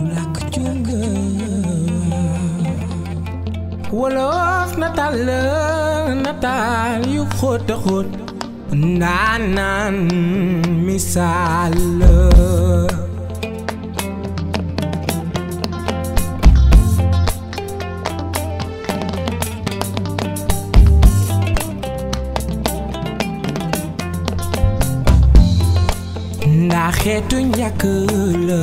tulak juga wolof natal la natal yu xóot a xóot naan naan misaal la xeetu ñàkk la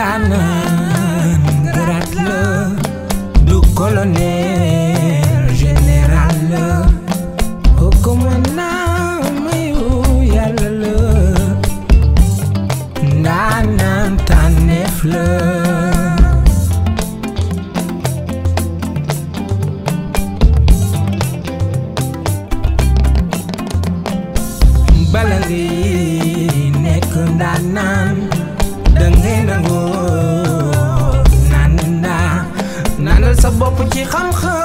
ndaanaan gëraat la du colonel général la oo ko mën naa mayu yàlla la ndaanaan tànneef la bala nekk ndaanaan 长河。